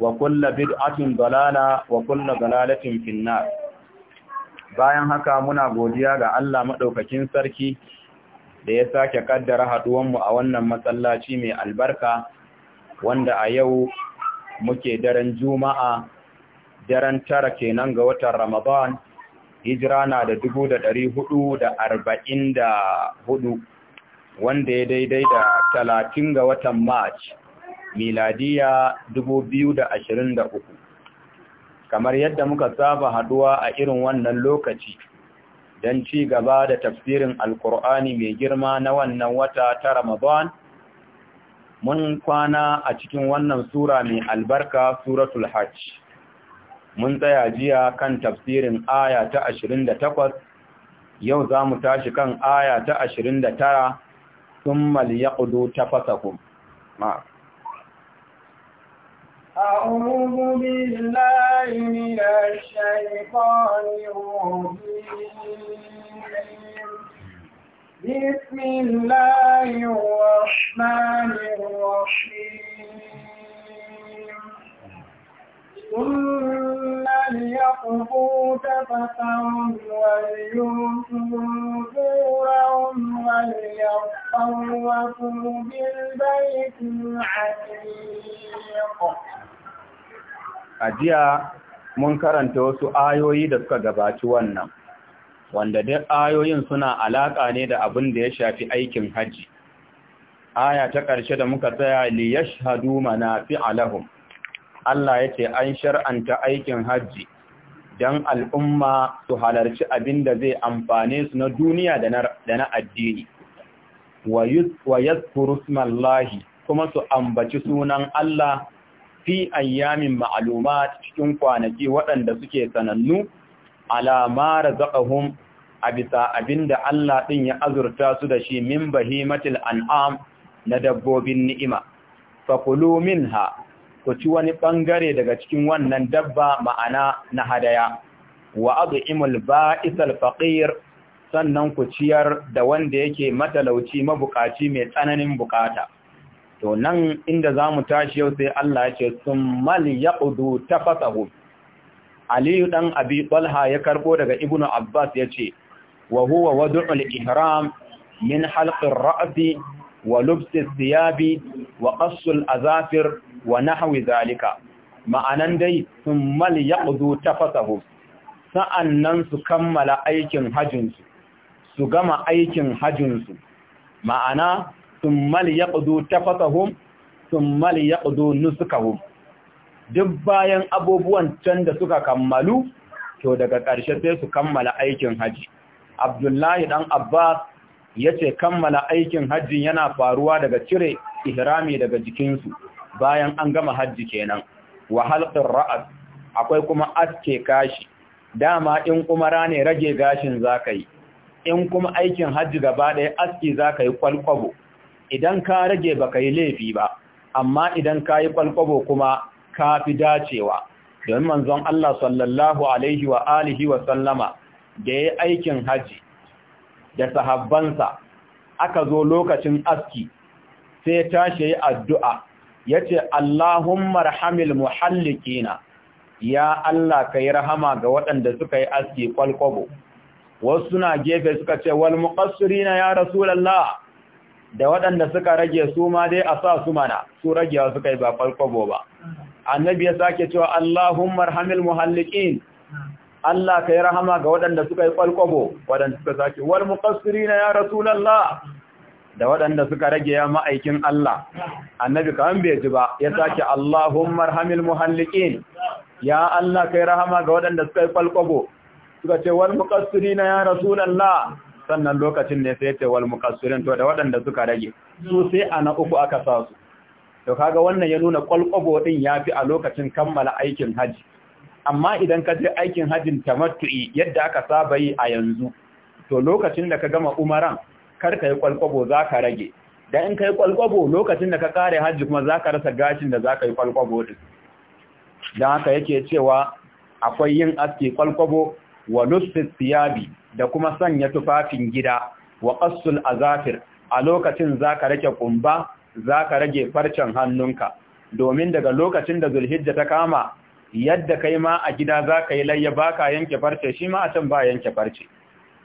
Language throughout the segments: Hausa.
وكل بدعة ضلالة وكل ضلالة في النار bayan haka muna godiya ga Allah madaukakin sarki da ya sake kaddara haduwan mu a wannan masallaci mai albarka wanda a yau muke daren juma'a daren tara kenan ga watan Ramadan hijira na da 444 wanda ya daidai da 30 ga watan March miladiya 2023 kamar yadda muka saba haduwa a irin wannan lokaci don ci gaba da tafsirin alkur'ani mai girma na wannan wata ta ramadan mun kwana a cikin wannan sura mai albarka suratul hajj mun tsaya jiya kan tafsirin aya ta 28 yau za mu tashi kan aya ta 29 sun maliyakudu ta fasa kuma أعوذ بالله من الشيطان الرجيم بسم الله الرحمن الرحيم ثم ليقضوا تفتهم وليوتوا نذورهم وليطوفوا بالبيت العتيق a jiya mun karanta wasu ayoyi da suka gabaci wannan wanda duk ayoyin suna alaƙa ne da abin da ya shafi aikin hajji aya ta ƙarshe da muka tsaya li yashhadu fi alahum Allah yace an shar'anta aikin hajji dan al'umma su halarci abin da zai amfane su na duniya da na addini wa yadhkuru kuma su ambaci sunan Allah fi ayyamin ma'aluma cikin kwanaki waɗanda suke sanannu alama razaqahum a bisa abinda Allah ɗin ya azurta su da shi min bahimatil an'am na dabbobin ni'ima fakulu minha ku ci wani ɓangare daga cikin wannan dabba ma'ana na hadaya wa ad'imul ba'isal faqir sannan ku ciyar da wanda yake matalauci mabukaci mai tsananin buƙata. to nan inda za mu tashi yau sai Allah ya ce sun mal ya ƙudu ta fasahu aliyu ɗan abi ɓalha ya karɓo daga ibnu abbas ya ce wa huwa wadu'ul ihram min halƙin ra'asi wa lubsi siyabi wa qassul azafir wa nahwi zalika ma'anan dai sun mal ya ƙudu ta fasahu sa'annan su kammala aikin hajjinsu su gama aikin hajjinsu ma'ana thumma liyaqdu tafatahum thumma liyaqdu hum. duk bayan abubuwan can da suka kammalu to daga ƙarshe sai su kammala aikin hajji. Abdullahi dan Abbas ce kammala aikin hajji yana faruwa daga cire ihrami daga jikinsu bayan an gama hajji kenan wa ra'ad ra'as akwai kuma aske kashi dama in kuma rane rage gashin zakai in kuma aikin hajji gaba ɗaya aski zakai kwalkwabo idan ka rage baka yi laifi ba amma idan ka yi kwalkwabo kuma ka fi dacewa Don manzon Allah sallallahu alaihi wa alihi wa sallama da ya aikin haji da sahabbansa aka zo lokacin aski sai tashi yi addu'a ya ce Allahumma rahamil muhallikina ya Allah ka yi rahama ga waɗanda suka yi aski ƙwalƙwabo wasu na gefe suka ce wal muƙasuri na ya rasulallah da waɗanda suka rage su ma dai a sa su mana su ragewa suka yi ba kwabo ba annabi ya sake cewa Allahumma arhamil muhalliƙin. Allah kai rahama ga waɗanda suka yi kwalkwabo waɗanda suka sake wal muqassirina ya rasulallah. da waɗanda suka rage ya ma'aikin Allah annabi kan bai ji ba ya sake Allahumma arhamil muhalliƙin. ya Allah kai rahama ga waɗanda suka yi kwalkwabo suka ce wal muqassirina ya rasulallah. sannan lokacin ne sai ce wal muqassirin to da waɗanda suka rage su sai na uku aka sa su to kaga wannan ya nuna kwalkwabo din yafi a lokacin kammala aikin haji amma idan ka je aikin hajin tamattu'i yadda aka saba yi a yanzu to lokacin da ka gama umaran kar ka yi kwalkwabo za ka rage Dan in ka kwalkwabo lokacin da ka kare haji kuma zaka rasa gashin da za ka yi kwalkwabo din Dan haka yake cewa akwai yin aski kwalkwabo wa nusfi siyabi da kuma sanya tufafin gida wa qassul azafir a lokacin zaka rage kumba zaka rage farcen hannunka domin daga lokacin da zulhijja ta kama yadda kai ma a gida zaka yi layya baka yanke farce shi ma a can ba yanke farce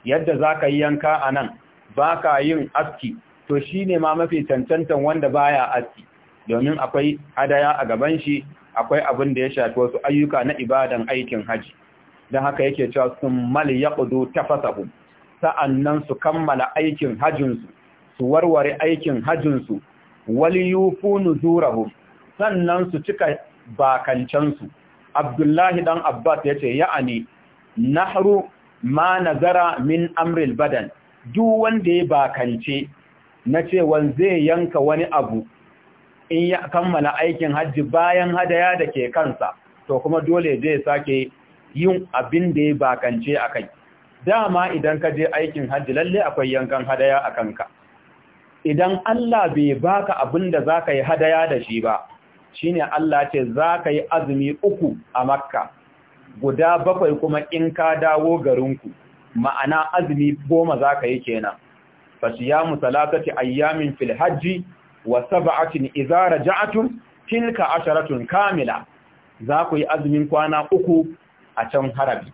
yadda zaka yi yanka anan baka yin aski to shine ma mafi cancantan wanda baya aski domin akwai hadaya a gaban shi akwai abin da ya shafi wasu ayyuka na ibadan aikin haji don haka yake cewa sun mali ya ƙudu tafasahun sa'annan su kammala aikin hajjinsu su warware aikin hajjinsu wali yufu nuzurahum sannan su cika bakancansu abdullahi dan abbas ya ce ya'ani nahru ma nazara min amril badan duk wanda ya bakance na cewan zai yanka wani abu in ya kammala aikin hajji bayan hadaya da ke kansa to kuma dole zai sake yin abin da ya bakance a kai dama idan ka je aikin hajji lalle akwai yankan hadaya a kanka idan Allah bai baka abin da za ka yi hadaya da shi ba shi ne Allah ce za ka yi azumi uku a makka guda bakwai kuma in ka dawo garinku ma'ana azumi goma za ka yi kenan fasiyamu salatati ayyamin fil hajji wa sab'atin idza raja'tum tilka asharatun kamila za ku yi azumin kwana uku a can harabi,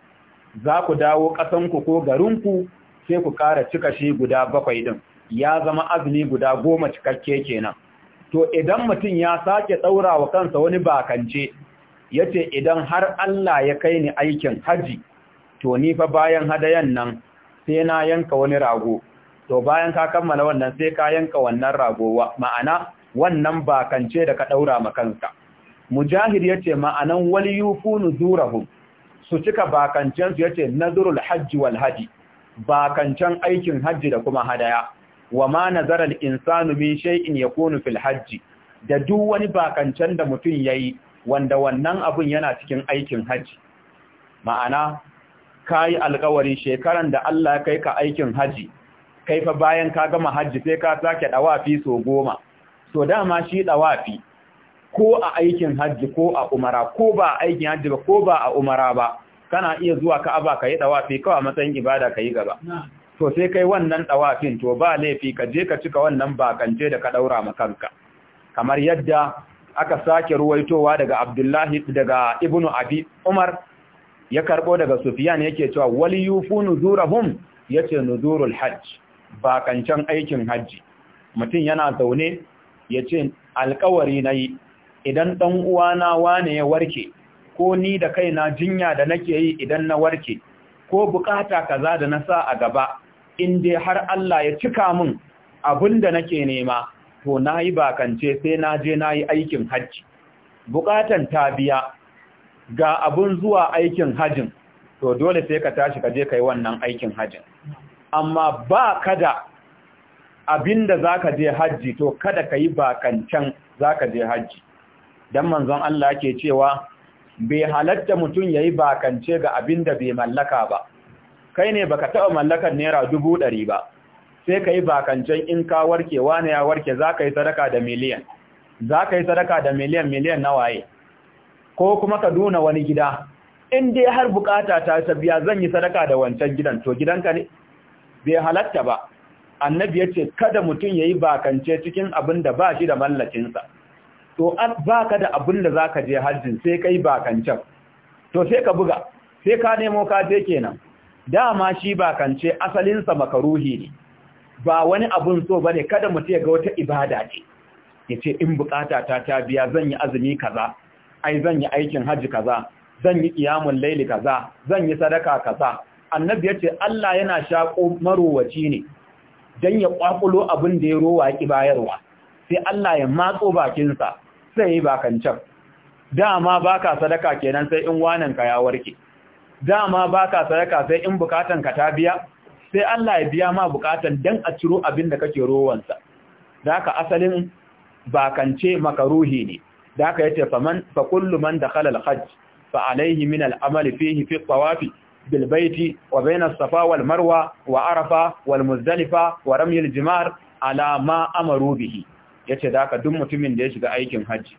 za ku dawo ƙasanku ko garinku sai ku ƙara cika shi guda bakwai din ya zama azumi guda goma cikakke kenan to idan mutum ya sake ɗaura wa kansa wani bakance yace idan har Allah ya kai ni aikin haji to ni fa bayan hadayan nan sai na yanka wani rago to bayan ka kammala wannan sai ka yanka wannan wa ma'ana wannan bakance da ka ɗaura ma kanka mujahid ya ce ma'anan wali yufu nuzurahum su cika su yace nazrul hajji wal hadi bakancen aikin hajji da kuma hadaya wa ma nazara al insanu min shay'in yakunu fil hajji da duk wani bakancen da mutum yayi wanda wannan abun yana cikin aikin hajji ma'ana kai alƙawarin shekaran da Allah ya kai ka aikin hajji kai fa bayan ka gama hajji sai ka sake dawafi so goma so dama shi dawafi ko a aikin hajji ko a umara ko ba a aikin hajji ba ko ba a umara ba kana iya zuwa ka aba ka yi dawafi kawai matsayin ibada ka yi gaba to sai kai wannan dawafin to ba laifi ka je ka cika wannan bakance da ka daura ma kanka kamar yadda aka sake ruwaitowa daga Abdullahi daga ibnu Abi Umar ya karbo daga Sufyan yake cewa wal yufu nuzurahum yace nuzurul hajj bakancan aikin hajji mutum yana zaune yace alƙawari nayi idan ɗan uwana wane ya warke ko ni da kaina jinya da nake yi idan na warke ko bukata kaza da na sa a gaba in dai har Allah ya cika min abin da nake nema to nayi bakance sai na je nayi aikin hajji bukatan ta biya ga abin zuwa aikin hajjin to dole sai ka tashi ka je kai wannan aikin hajji. amma ba kada abinda zaka je hajji to kada ka yi bakancan za je hajji dan manzon Allah ke cewa bai halatta mutum yayi bakance ga abin da bai mallaka ba kai ne baka taɓa mallakar naira dubu ɗari ba sai ka yi bakancen in ka warke wane ya warke za ka yi sadaka da miliyan za ka yi sadaka da miliyan miliyan na waye ko kuma ka duna wani gida in dai har bukata ta tabiya zan yi sadaka da wancan gidan to gidanka ne bai halatta ba annabi ya ce kada mutum ya yi bakance cikin abin da ba shi da mallakinsa to an ka da abin da za ka je hajjin sai kai kancan to sai ka buga sai ka nemo ka je kenan dama shi bakance asalinsa makaruhi ne ba wani abun so ba ne kada mu ya ga wata ibada ce yace in bukata ta ta biya zan yi azumi kaza ai zan yi aikin hajji kaza zan yi qiyamul laili kaza zan yi sadaka kaza annabi ce Allah yana shako marowaci ne dan ya ƙwaƙulo abin da ya rowa ki bayarwa sai Allah ya matso bakinsa sai yi can. dama baka sadaka kenan sai in wananka ya warke dama baka sadaka sai in bukatan ka ta biya sai Allah ya biya ma bukatan dan a ciro abin da kake rowansa da haka asalin bakance makaruhi ne da haka yace faman fa kullu man dakhala al-hajj fa alayhi min al-amal fihi fi tawafi bil baiti wa bayna as-safa wal marwa wa arafa wal muzdalifa wa al jimar ala ma amaru bihi yace da ka duk mutumin da ya shiga aikin hajji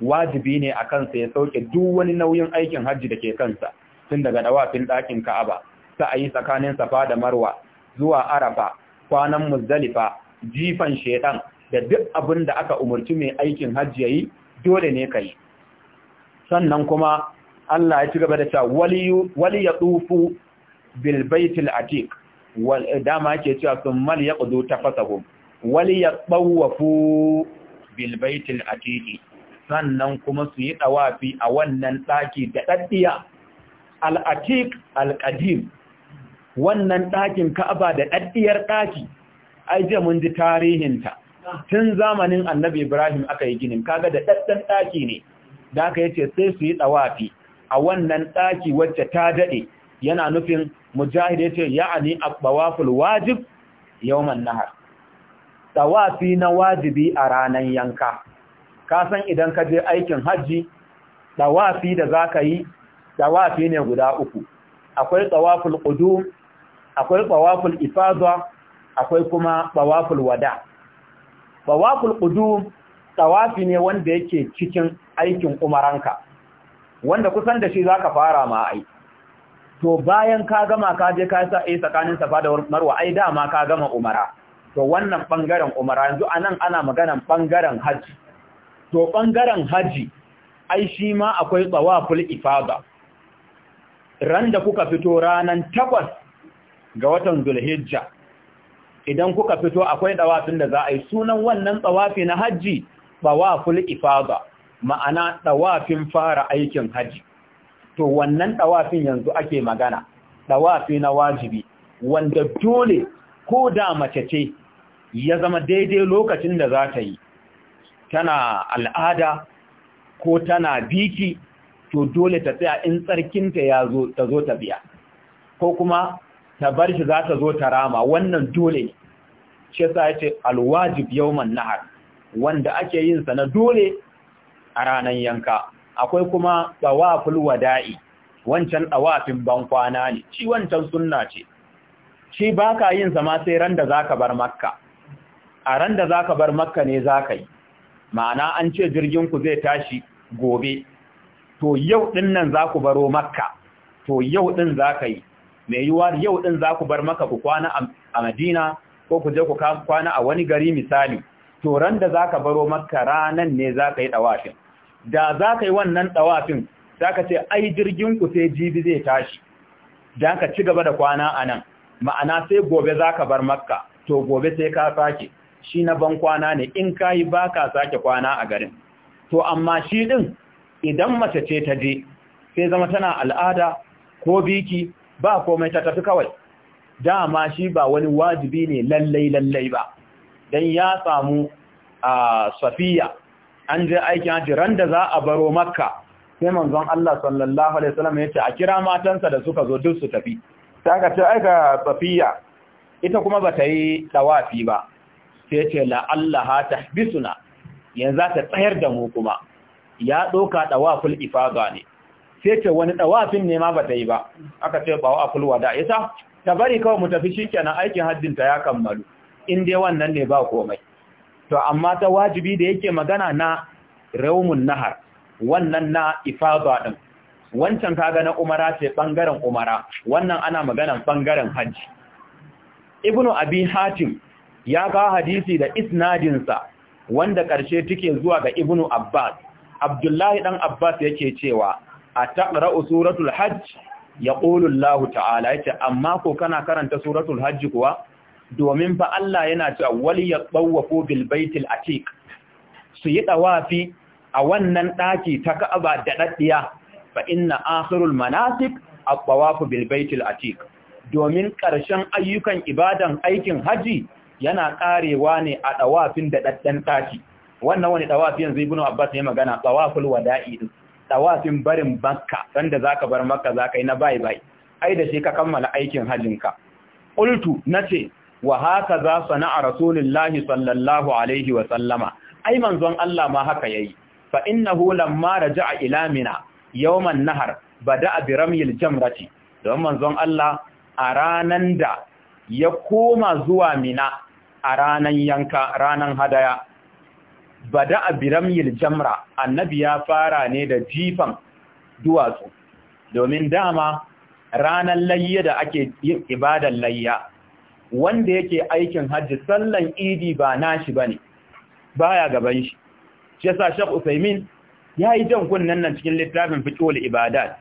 wajibi ne a kansa ya sauke duk wani nauyin aikin hajji da ke kansa tun daga dawafin ɗakin Ka'aba yi tsakanin Safa da Marwa zuwa Arafa kwanan Muzdalifa jifan shedan da duk abin da aka umurci mai aikin hajji ya yi, dole ne kai sannan kuma Allah ya ci gaba da cewa wali ya tsufu bil baitil atiq wal dama yake cewa sun mal yaqdu tafasahum wali ya tsawafu bilbaitin atiki sannan kuma su yi tsawafi a wannan ɗaki da Al-Atik, al'atik alƙadim wannan ɗakin ka'aba da ɗaɗɗiyar ɗaki ai je mun ji tarihinta tun zamanin annabi ibrahim aka yi ginin kaga da ɗaɗɗan ɗaki ne da aka yace sai su yi tsawafi a wannan ɗaki wacce ta daɗe yana nufin mujahid ya ce ya'ani abbawaful wajib yawman nahar tawafi na wajibi a ranar yanka ka san idan ka je aikin hajji tawafi da za ka yi tawafi ne guda uku akwai tawaful qudum akwai tawaful ifazwa akwai kuma tawaful wada tawaful qudum tawafi ne wanda yake cikin aikin umaranka wanda kusan da shi za ka fara ma ai to bayan ka gama ka je ka yi eh tsakanin safa da marwa ai dama ka gama umara to wannan bangaren umara yanzu anan ana maganan bangaren haji to bangaren haji ai shi ma akwai tsawaful ifada ran da kuka fito ranan takwas ga watan zulhijja idan kuka fito akwai dawafin da za a yi sunan wannan tsawafi na haji tsawaful ifada ma'ana tsawafin fara aikin haji to wannan tsawafin yanzu ake magana tsawafi na wajibi wanda dole ko da mace ce ya zama daidai lokacin da za ta yi tana al'ada ko tana biki to dole ta tsaya in tsarkinta ya zo ta zo ta biya ko kuma ta bar shi za ta zo ta rama wannan dole ne shi yasa yace alwajib yawman nahar wanda ake yin sa na dole a ranan yanka akwai kuma tawaful wada'i wancan tawafin bankwana ne shi wancan sunna ce shi baka yin zama sai ran da za bar makka a ran da za bar makka ne za ka yi ma'ana an ce jirginku zai tashi gobe to yau ɗin nan za ku baro makka to yau ɗin za ka yi mai yiwuwa yau ɗin za ku bar makka ku kwana a madina ko ku je ku kwana a wani gari misali to ran da za ka baro makka ranan ne za ka yi ɗawafin da za ka yi wannan ɗawafin za ka ce ai jirginku sai jibi zai tashi da ka ci gaba da kwana a nan ma'ana sai gobe za ka bar makka to gobe sai ka sake shi na ban kwana ne in ka yi ba ka sake kwana a garin to amma shi ɗin idan mace ce ta je sai zama tana al'ada ko biki ba komai ta tafi kawai dama shi ba wani wajibi ne lallai lallai ba don ya samu a safiya an je aikin haji ran da za a baro makka sai manzon Allah sallallahu alaihi wasallam ya ce a kira matansa da suka zo duk su tafi ta aka ce aika tsafiya ita kuma ba ta yi dawafi ba sai ce la'allaha tahbisuna yanzu ta tsayar da mu kuma ya doka dawaful ifada ne sai ce wani dawafin ne ma ba ta yi ba aka ce ba wa wada ita ta bari kawai mu tafi kenan aikin haddin ta ya kammalu in dai wannan ne ba komai to amma ta wajibi da yake magana na raumun nahar wannan na ifaga din wancan kaga na umara ce bangaren umara wannan ana maganan bangaren hajji ibnu abi hatim ya kawo hadisi da isnadinsa wanda ƙarshe take zuwa ga ibnu abbas abdullahi dan abbas yake cewa a suratul hajj yaqulu allah ta'ala yace amma ko kana karanta suratul hajj kuwa domin fa Allah yana cewa wal yatawafu bil baitil atiq su yi dawafi a wannan daki ta Ka'aba da daddiya fa inna akhirul manasik at-tawaf bil domin ƙarshen ayyukan ibadan aikin haji yana karewa ne a tawafin da daddan taki wannan wani tawafi yanzu ibnu abbas ya magana tawaful wada'i tawafin barin makka wanda zaka bar makka zaka yi na bai bai ai da shi ka kammala aikin hajinka qultu nace wa haka za sana'a rasulullahi sallallahu alaihi wa sallama ai manzon Allah ma haka yayi fa innahu lamma raja'a ila mina yawman nahar bada biramil jamrati don manzon Allah a ranan da ya koma zuwa mina a ranan yanka ranan hadaya bada biramil jamra annabi ya fara ne da jifan duwatsu domin dama ranan layya da ake yin ibadan layya wanda yake aikin hajji sallan idi ba nashi bane baya gaban shi shi yasa Sheikh Usaimin ya yi jan kunnen nan cikin littafin fiqhul ibadat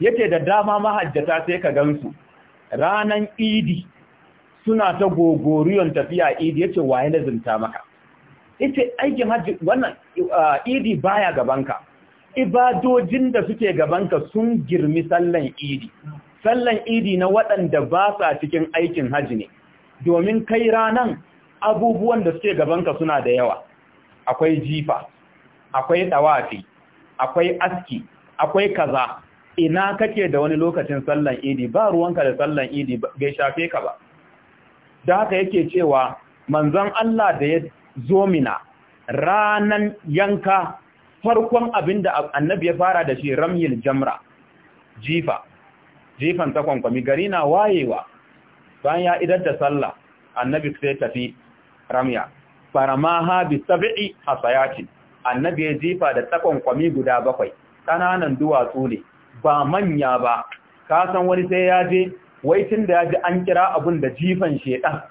yace da dama mahajjata sai ka gansu ranan idi suna ta gogoriyon tafiya idi yace waye lazimta maka yace aikin hajji wannan uh, idi baya gabanka ibadojin da suke gabanka sun girmi sallan idi sallan idi na waɗanda ba sa cikin aikin hajji ne domin kai ranan abubuwan da suke gabanka suna da yawa akwai jifa akwai tawafi akwai aski akwai kaza ina kake da wani lokacin sallan idi ba ruwanka da sallan idi bai shafe ka ba da haka yake cewa manzon Allah da ya zo mina ranan yanka farkon abinda annabi ya fara da shi ramyil jamra jifa jifan ta kwankwami gari na wayewa bayan ya idar da sallah annabi sai tafi ramya farama ha bi sab'i hasayatin annabi ya jifa da tsakon kwami guda bakwai ƙananan duwatsu ne ba manya ba ka san wani sai ya je wai tun da ya ji an kira abun da jifan shedan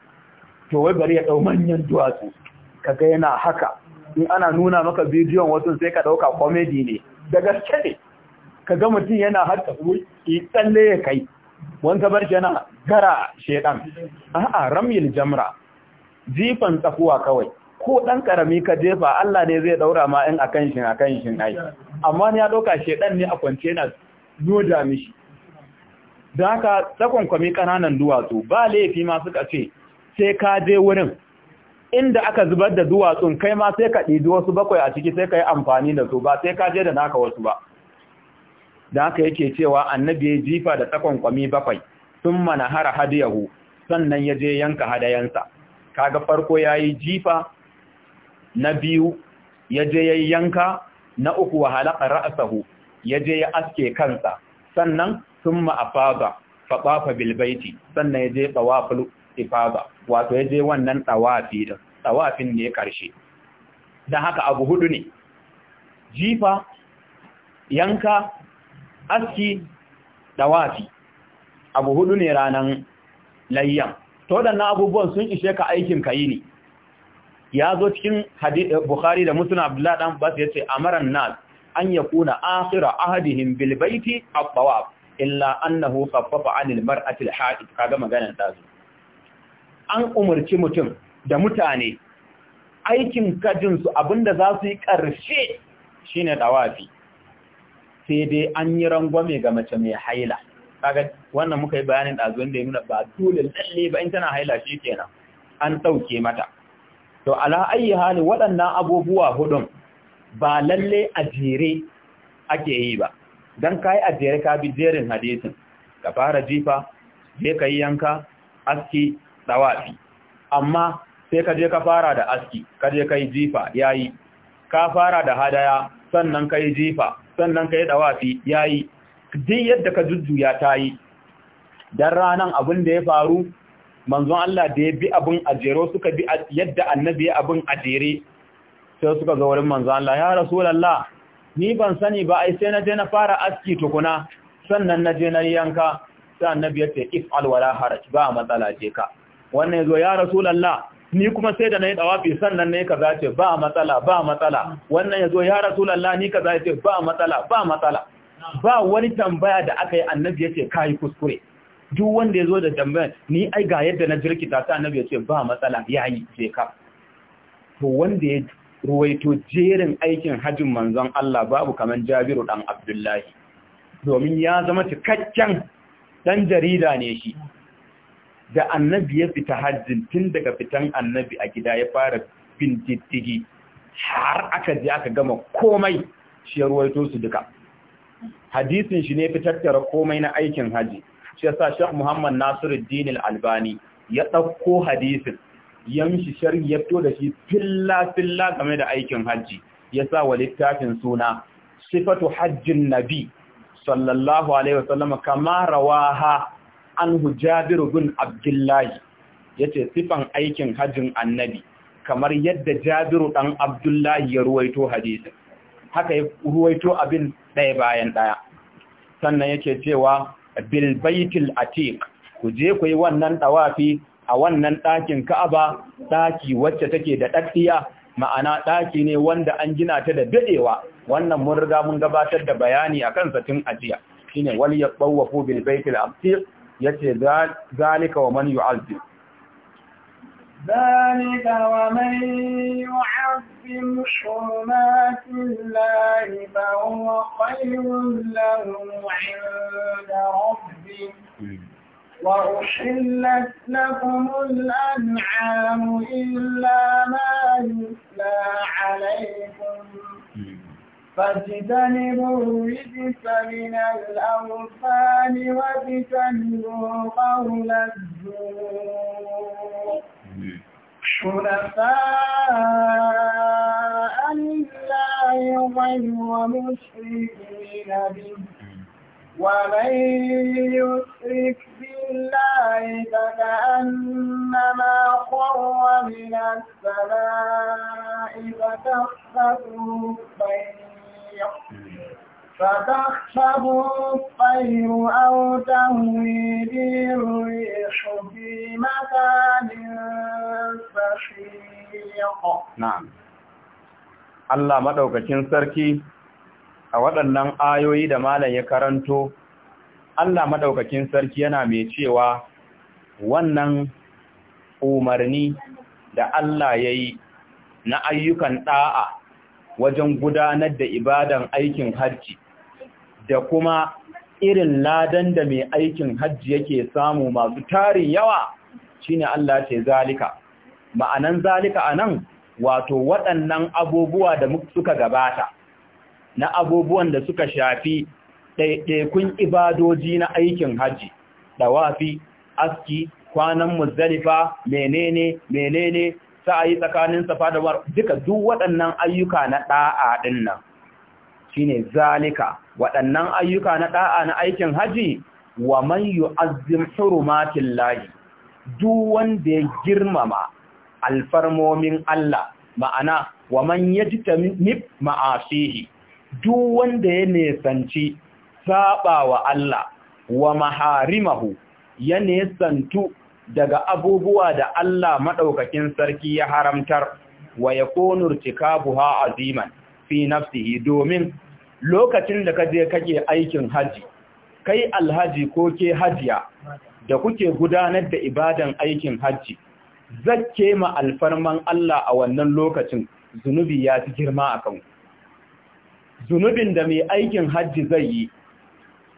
to wai bari ya ɗau manyan duwatsu kaga yana haka in ana nuna maka bidiyon wasu sai ka ɗauka komedi ne da gaske ne kaga mutum yana ku yi tsalle ya kai wanda bar shi yana gara shedan a'a Ramil jamra jifan tsakuwa kawai ko ɗan ƙarami ka jefa Allah ne zai ɗaura ma in akan shin akan shin ai amma ya ɗauka shedan ne a kwance na yoda mishi da haka takonkwami ƙananan duwatsu ba laifi ma suka ce sai ka je wurin inda aka zubar da duwatsun kai ma sai ka ɗidi wasu bakwai a ciki sai ka yi amfani da su ba sai ka je da naka wasu ba da haka yake cewa annabi ya jifa da takonkwami bakwai sun mana hara hadiyahu sannan ya je yanka hadayansa kaga farko yayi jifa na biyu ya je ya yanka na uku wa halaka ra'asahu ya je ya aske kansa sannan summa afada faqafa bil baiti sannan ya je tawaful ifada wato ya je wannan tawafi din tawafin ne karshe dan haka abu hudu ne jifa yanka aski tawafi abu hudu ne ranan layyan to waɗannan abubuwan sun ishe ka aikin ka yi ne ya zo cikin eh, bukhari da musulun abdullahi dan bas ya ce amaran nas an ya kuna akhira ahadihim bil baiti at-tawaf illa annahu khaffafa 'anil mar'atil al-ha'id kaga maganar da an umarci mutum da mutane aikin kajin su abinda za su yi karshe shine tawafi sai dai an yi rangwame ga mace mai haila kaga wannan muka yi bayanin ɗazu wanda ya nuna ba dole lalle ba in tana haila shi kenan an ɗauke mata to ala ayi hali waɗannan abubuwa hudun ba lalle a jere ake yi ba don ka yi a jere ka bi jerin hadisin ka fara jifa je ka yi yanka aski tsawafi amma sai ka je ka fara da aski ka je ka yi jifa ya yi ka fara da hadaya sannan ka yi jifa sannan ka yi tsawafi ya yi duk yadda ka jujjuya ta yi don ranar abin da ya faru manzon Allah da ya bi abin a jero suka bi yadda annabi ya abin a jere sai suka ga wurin manzon Allah ya rasulullah ni ban sani ba ai sai na je na fara aski tukuna sannan na je na yanka sai annabi ya ce al wala haraj ba matsala je ka wannan yazo ya rasulullah ni kuma sai da nayi dawafi sannan nayi kaza ce ba matsala ba matsala wannan yazo ya rasulullah ni kaza ce ba matsala ba matsala ba wani tambaya da aka yi annabi ce kai kuskure duk wanda ya zo da tambayar ni ai ga yadda na jirkita ta annabi ya ce ba matsala ya yi ka to wanda ya ruwaito jerin aikin hajjin manzon Allah babu kaman Jabiru dan Abdullahi domin ya zama cikakken dan jarida ne shi da annabi ya fita hajjin tun daga fitan annabi a gida ya fara bin diddigi har aka je aka gama komai shi ya ruwaito su duka hadisin shi ne fi tattara komai na aikin haji shi yasa Sheikh Muhammad Nasiruddin Al-Albani ya dauko hadisin yamshi sharhi ya fito da shi filla filla game da aikin hajji yasa wa littafin suna sifatu hajjin nabi sallallahu alaihi wasallam kama rawaha anhu Jabir bin Abdullahi yace sifan aikin hajjin annabi kamar yadda Jabiru dan Abdullahi ya ruwaito hadisin haka ya ruwaito abin ɗaya bayan ɗaya sannan yake cewa bil baitil atiq ku je ku yi wannan tawafi a wannan ɗakin Ka'aba ɗaki wacce take da ɗaɗɗiya ma'ana ɗaki ne wanda an gina ta da daɗewa wannan mun riga mun gabatar da bayani a kan satin ajiya shine wal yatawafu bil baitil atiq yace zalika wa man yu'azzir ذلك ومن يعظم حرمات الله فهو خير له عند ربه وأحلت لكم الأنعام إلا ما يتلى عليكم فاجتنبوا الرجس من الأوثان واجتنبوا قول الزور شرفاء لله غير مشركين به ومن يشرك بالله فكأنما خر من السماء فتخفته الطير فتخفته الطير أو تهوي na'am Allah maɗaukacin sarki a waɗannan ayoyi da malam ya karanto Allah maɗaukakin sarki yana mai cewa wannan umarni da Allah ya yi na ayyukan ɗa'a wajen gudanar da ibadan aikin hajji da kuma irin ladan da mai aikin hajji yake samu masu tarin yawa shi ne Allah ce zalika ma'anan zalika a nan, wato waɗannan abubuwa da suka gabata na abubuwan da suka shafi ɗaiɗaikun ibadoji na aikin hajji ɗawafi aski kwanan muzdalifa menene menene sa'ayi tsakanin safa da war duka duk waɗannan ayyuka na ɗa'a ɗin nan shine zalika waɗannan ayyuka na ɗa'a na aikin hajji wa man yu'azzim hurumatil duk wanda ya girmama alfarmomin Allah ma'ana wa man yajtami ma'asihi duk wanda ya nesanci saba wa Allah wa maharimahu ya nesantu daga abubuwa da Allah madaukakin sarki ya haramtar wa yakunu irtikabuha aziman fi nafsihi domin lokacin da kaje kake aikin haji kai alhaji ko ke hajiya da kuke gudanar da ibadan aikin haji zakke ma alfarman Allah a wannan lokacin zunubi ya fi girma a kan zunubin da mai aikin hajji zai yi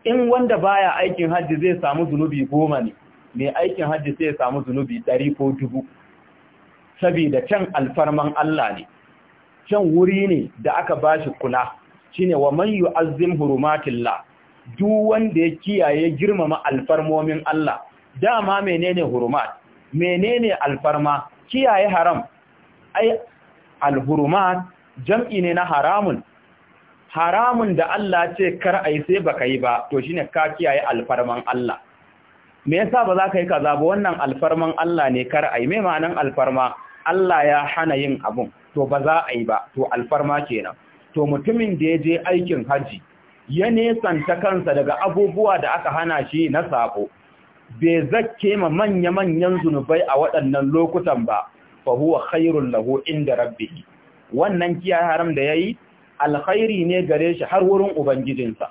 in wanda baya aikin hajji zai samu zunubi goma ne mai aikin hajji zai samu zunubi ɗari ko dubu saboda can alfarman Allah ne can wuri ne da aka bashi kula shine wa man azzin hurumatilla, duk wanda ya kiyaye girmama alfarmomin Allah dama menene hurumat menene alfarma kiyaye haram ai alhurumat jam'i ne na haramun haramun da Allah ce kar ai sai baka yi ba to shine ka kiyaye alfarman Allah me yasa ba za ka yi kaza ba wannan alfarman Allah ne kar ai me ma'anan alfarma Allah ya hana yin abun to ba za a yi ba to alfarma kenan to mutumin da ya je aikin haji ya nesanta kansa daga abubuwa da aka hana shi na sako. bai zakke ma manya-manyan zunubai a waɗannan lokutan ba fa huwa khairul lahu inda rabbihi wannan kiyaye haram da yayi alkhairi ne gare shi har wurin ubangijinsa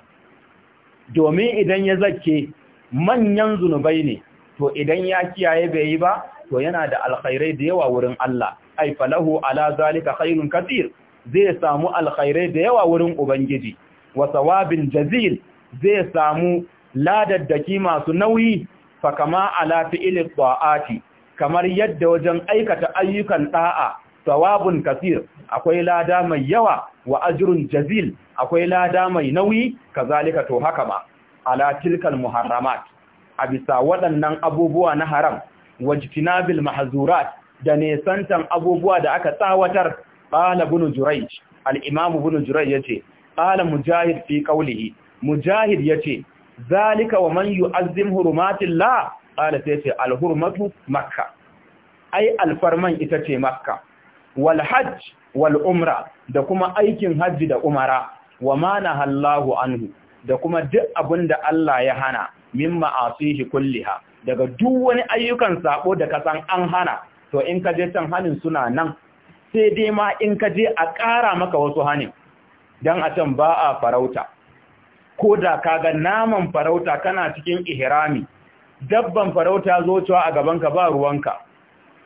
domin idan ya zakke manyan zunubai ne to idan ya kiyaye bai yi ba to yana da alkhairai da yawa wurin Allah ai falahu ala zalika khairun katir zai samu alkhairai da yawa wurin ubangiji wa sawabin jazil zai samu ladaddaki masu nauyi Fakama kama ala fi'il ta'ati kamar yadda wajen aikata ayyukan ɗa'a sawabun kasir akwai lada mai yawa wa ajrun jazil akwai lada mai nauyi kazalika to haka ba. ala tilkal muharramat a bisa waɗannan abubuwa na haram wajtinabil mahzurat da nesantan abubuwa da aka tsawatar qala ibn jurayj al-imam ibn jurayj yace qala mujahid fi qawlihi mujahid yace zalika wa man yu'azzim hurumatillah qala sai ce alhurmatu makka ai alfarman ita ce makka wal hajj wal umra da kuma aikin hajji da umara wa mana hallahu anhu da kuma duk abinda Allah ya hana min ma'asihi kulliha daga duk wani ayyukan sabo da kasan an hana to in ka je can hanin suna nan sai dai ma in ka je a ƙara maka wasu hanin dan a can ba a farauta ko da kaga naman farauta kana cikin ihrami dabban farauta zo cewa a gabanka ba ruwanka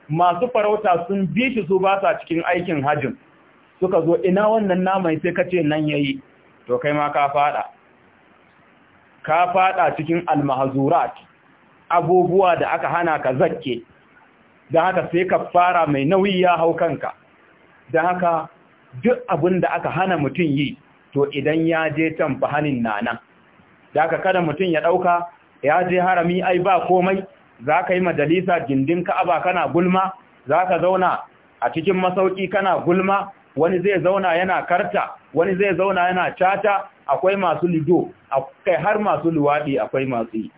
masu farauta sun bi shi su ba sa cikin aikin hajjin suka zo ina wannan naman sai ka ce nan yayi to kai ma ka fada ka fada cikin almahzurat abubuwa da aka hana ka zakke don haka sai ka fara mai nauyi ya hau kanka don haka duk abin da aka hana mutum yi to idan ya je can fahanin na da ka kada mutum ya ɗauka ya je harami ai ba komai za ka yi majalisa gindin ka'aba kana gulma za ka zauna a cikin masauki kana gulma wani zai zauna yana karta wani zai zauna yana cata akwai masu lido akwai har masu luwaɗi akwai masu yi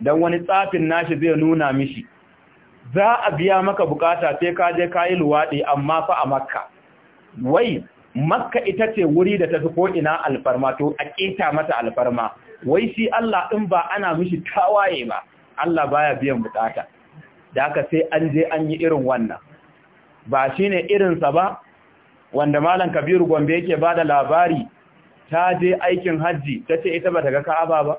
don wani tsafin nashi zai nuna mishi za a biya maka bukata sai ka je ka yi luwaɗi amma fa a makka wai makka ita ce wuri da tafi ko ina alfarma to a keta mata alfarma wai shi Allah in ba ana mishi tawaye ba Allah baya biyan bukata da aka sai an je an yi irin wannan ba shine irin sa ba wanda malam Kabiru Gombe yake bada labari ta je aikin haji tace ita ta ga Ka'aba ba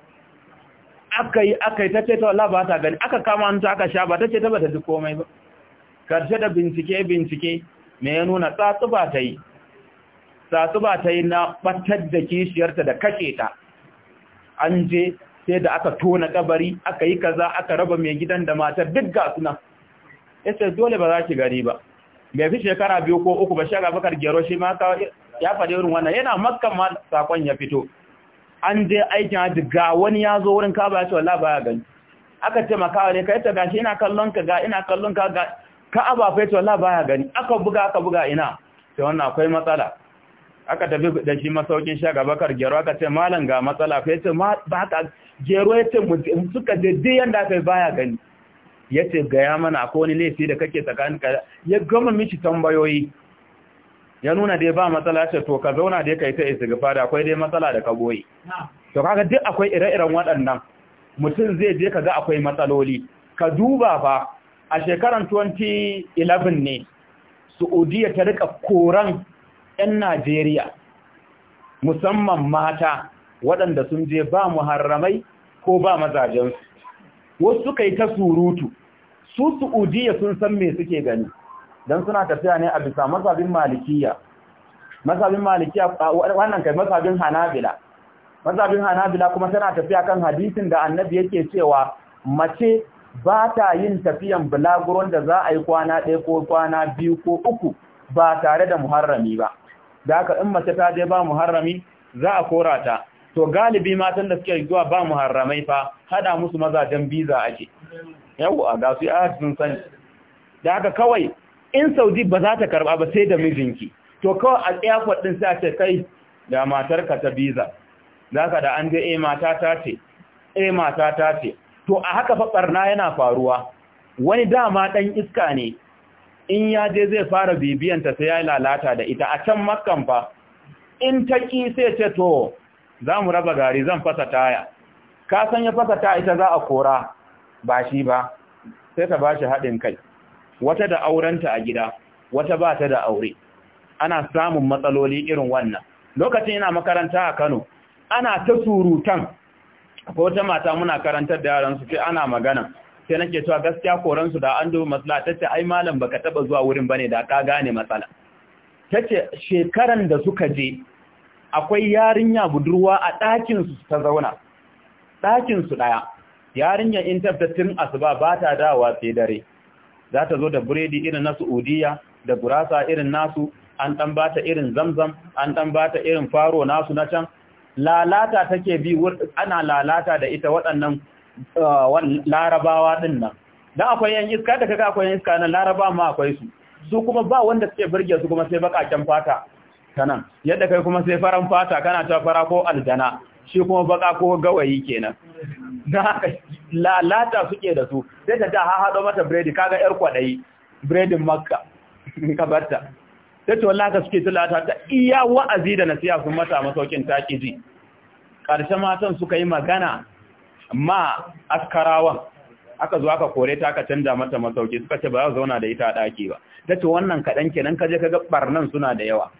aka yi aka yi tace ta ba ta gani aka kama hannu aka sha ba tace ta ba ta ji komai ba karshe da bincike bincike me ya nuna tsatsuba ta yi sasu ba ta yi na ɓatar da kishiyarta da kashe ta an je sai da aka tona kabari aka yi kaza aka raba mai gidan da matar duk ga suna yace dole ba za ki gari ba bai fi shekara biyu ko uku ba shaga bakar gero shi ma ka ya faɗi irin wannan yana makkan ma sakon ya fito an je aikin haji ga wani ya zo wurin ka ba ya ce wallahi ya gani aka ce makawa ne yi ta gashi ina kallon ka ga ina kallon ka ga ka aba fa ya ce wallahi baya gani aka buga aka buga ina sai wannan akwai matsala aka tafi da shi masaukin sha kar gero aka ce malam ga matsala fa yace ma ba ka gero yace suka je dai yanda kai baya gani yace ga ya mana ko wani laifi da kake tsakanin ka ya gama miki tambayoyi ya nuna dai ba matsala ce to ka zauna dai kai ta istighfar akwai dai matsala da ka goyi to kaga duk akwai ire-iren waɗannan mutum zai je kaga akwai matsaloli ka duba fa a shekaran 2011 ne Saudiya ta rika koran 'yan Najeriya musamman mata waɗanda sun je ba muharramai ko ba mazajensu wasu suka yi ta surutu su su'udiya sun san me suke gani don suna tafiya ne a bisa mazabin malikiya mazabin malikiya wannan kai mazabin hanabila mazabin hanabila kuma tana tafiya kan hadisin da annabi yake cewa mace ba ta yin tafiyan bulaguron da za a yi kwana ɗaya ko kwana biyu ko uku ba tare da muharrami ba da haka in mace ta je ba muharrami za a kora ta to galibi matan da suke zuwa ba muharramai fa hada musu mazajen biza ake yawa ga su a sun sani da haka kawai in saudi ba za ta karba ba sai da mijinki to kawai a airport din sai ce kai da matarka ta biza ka da an je eh mata ta ce eh mata ta ce to a haka fa barna yana faruwa wani dama dan iska ne in ya je zai fara bibiyanta sai ya lalata da ita a can makkan fa in ta ki sai ce to za mu raba gari zan fasa taya ka san ya fasa taya ita za a kora ba shi ba sai ta ba shi haɗin kai wata da aurenta a gida wata ba ta da aure ana samun matsaloli irin wannan lokacin ina makaranta a Kano ana ta surutan ko ta mata muna karantar da yaran su ce ana magana sai nake cewa gaskiya su da an dubu matsala ta ce ai malam baka taba zuwa wurin bane da ka gane matsala ta ce shekaran da suka je akwai yarinya budurwa a ɗakinsu ta zauna su ɗaya yarinya in tabbatin asuba ba ta dawa sai dare za ta zo da buredi irin na su'udiyya da gurasa irin nasu an ɗan ba ta irin zamzam an ɗan ba irin faro nasu na can lalata take bi ana lalata da ita waɗannan Ah, larabawa din nan dan akwai yan iska da kaga akwai yan iska nan laraba ma akwai su su kuma ba wanda suke burge su kuma sai bakaken fata kanan yadda kai kuma sai faran fata kana ta fara ko aljana shi kuma baka ko gawayi kenan dan haka lalata suke da su sai ta ha hado mata biredi kaga yar kwadayi biredin makka ka barta sai to wallahi suke tilata ta iya wa'azi da nasiha sun mata masaukin ta kiji karshe matan suka yi magana ma askarawan aka zo aka kore ta aka canza mata masauki suka ce ba za zauna da ita a ɗaki ba ta ce wannan kaɗan kenan kaje ka ga ɓarnan suna da yawa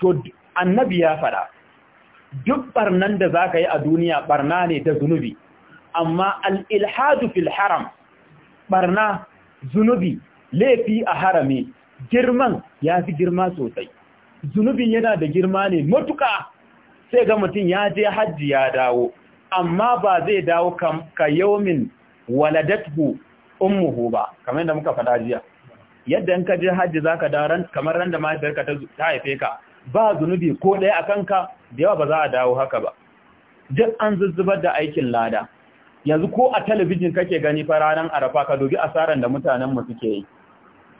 to annabi ya faɗa duk ɓarnan da za ka yi a duniya ɓarna ne da zunubi amma al al'ilhadu fil haram ɓarna zunubi laifi a harami girman ya fi girma sosai zunubin yana da girma ne matuka sai ga mutum ya je hajji ya dawo amma ba zai dawo ka yaumin waladathu ummuhu ba kamar yadda muka faɗa jiya yadda in ka je hajji zaka dawo ran kamar ran da mahaifiyarka ta haife ka ba zunubi ko ɗaya a kanka da yawa ba za a dawo haka ba duk an zuzzubar da aikin lada yanzu ko a talabijin kake gani fa ranar arafa ka dogi asaran da mutanen mu suke yi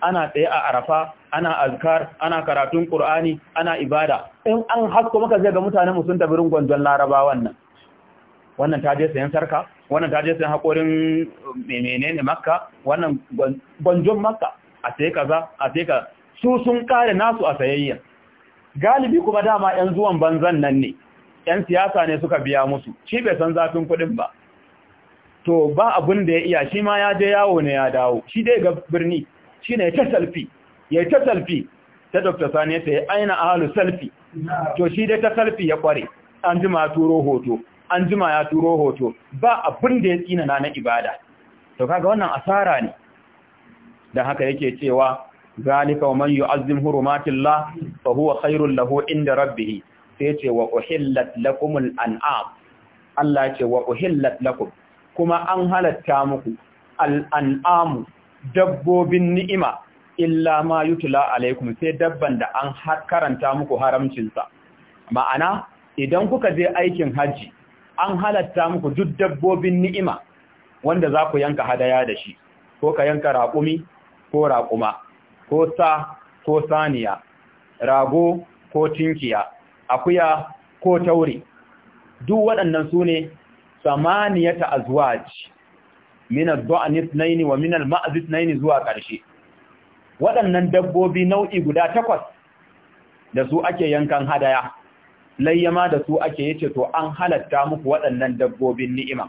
ana tsaye a arafa ana azkar ana karatun qur'ani ana ibada in an hasko maka zai ga mutanen mu sun tafi rungon don larabawan nan wannan ta je sayan sarka wannan ta je sayan haƙorin eh, menene makka wannan gwanjon makka a sai kaza a sai ka su sun kare nasu a sayayya galibi kuma dama yan zuwan banzan nan ne yan siyasa ne suka biya musu shi bai san zafin kuɗin ba to ba abin da ya iya shi ma ya je yawo ne ya dawo shi dai ga birni shi ne ta salfi ya ta salfi ta dr sani ta yi aina ahalu salfi to shi dai ta salfi ya kware an ji ma turo hoto an jima ya turo hoto ba abin da ya tsina na ibada to kaga wannan asara ne dan haka yake cewa zalika wa man yu'azzim hurumatillah fa huwa khairul lahu inda rabbih sai ce wa uhillat lakumul an'am Allah ce wa uhillat lakum kuma an halatta muku al'an'amu dabbobin ni'ima illa ma yutula alaikum sai dabban da an karanta muku haramcinsa ma'ana idan kuka je aikin hajji an halatta muku duk dabbobin ni'ima wanda za ku yanka hadaya da shi ko ka yanka raƙumi ko raƙuma ko sa ko saniya rago ko tinkiya akuya ko tauri. duk waɗannan su ne samaniyata azwaj min ad-du'an ithnayn wa min al-ma'z zuwa ƙarshe waɗannan dabbobi nau'i guda takwas da su ake yankan hadaya layyama da su ake yace to an halatta muku waɗannan dabbobin ni'ima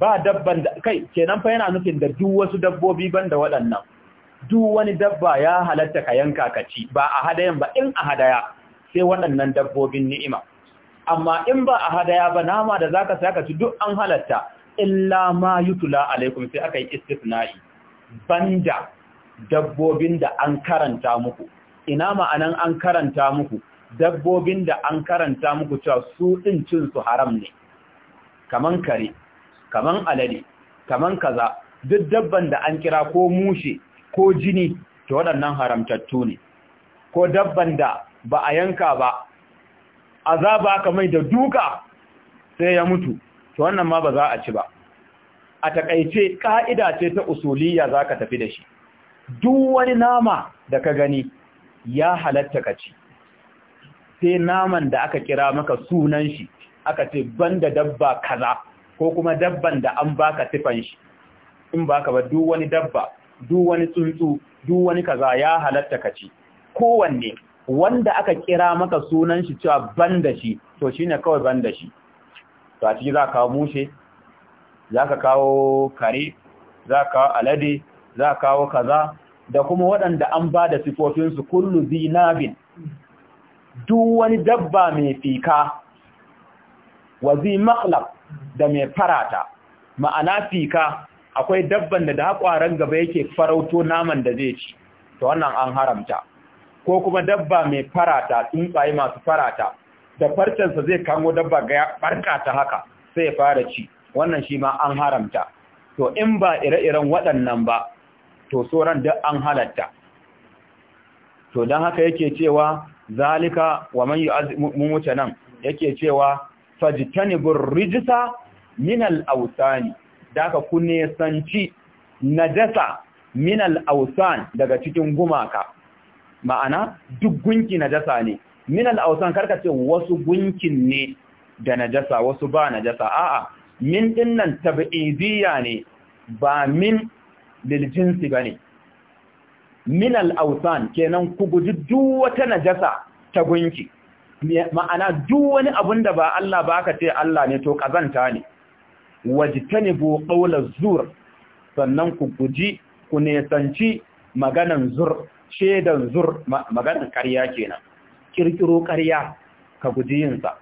ba dabban da kai kenan fa yana nufin da duk wasu dabbobi banda waɗannan duk wani dabba ya halatta ka yanka ka ci ba a hadayan ba in a hadaya sai waɗannan dabbobin ni'ima amma in ba a hadaya ba nama da zaka saka ci duk an halatta illa ma yutula alaikum sai aka yi istisna'i banda dabbobin da an karanta muku ina ma'anan an karanta muku dabbobin da an karanta muku cewa su ɗin su haram ne, kaman kare, kaman alade, kaman kaza, duk dabban da an kira ko mushe ko jini, ta waɗannan haramtattu ne, ko dabban da ba a yanka ba, azaba mai da duka sai ya mutu, ta wannan ma ba za a ci ba. A taƙaice, ƙa'ida ce ta usuliya za ka tafi da shi, duk wani nama da ka gani ya halatta ka ci. sai naman da aka kira maka sunan shi aka ce banda dabba kaza ko kuma dabban da an baka sifan shi in baka ba duk wani dabba duk wani tsuntsu duk wani kaza ya halatta ka ci kowanne wanda aka kira maka sunan shi cewa banda shi to shine kawai banda shi to a ciki za ka kawo mushe za ka kawo kare za ka kawo alade za ka kawo kaza da kuma waɗanda an ba da sifofinsu kullu zinabin duk wani dabba mai fika wa zi maqlab da mai farata ma'ana fika akwai dabban da da kwaran gaba yake farauto naman da zai ci to wannan an haramta ko kuma dabba mai farata tsuntsaye masu farata da farcensa zai kango dabba ga barka ta haka sai ya fara ci wannan shi ma an haramta to in ba ire-iren waɗannan ba to sauran duk an halatta to don haka yake cewa zalika wa man yu'azzimu nan yake cewa fajtanibur rijsa min al awsan daka kunne sanci najasa min al-awsan daga cikin gumaka ma'ana duk gunki najasa ne min al-awsan karka ce wasu gunkin ne da najasa wasu ba najasa a'a min dinnan tab'idiyya ne ba min lil jinsi bane minal ausan kenan ku guji duk wata najasa ta gunki ma'ana duk wani abun da ba Allah ba aka ce Allah ne to kazanta ne bu qawla zur sannan ku guji ku nesanci maganan zur shedan zur maganan ƙarya kenan ƙirƙiro ƙarya ka guji yinsa, sa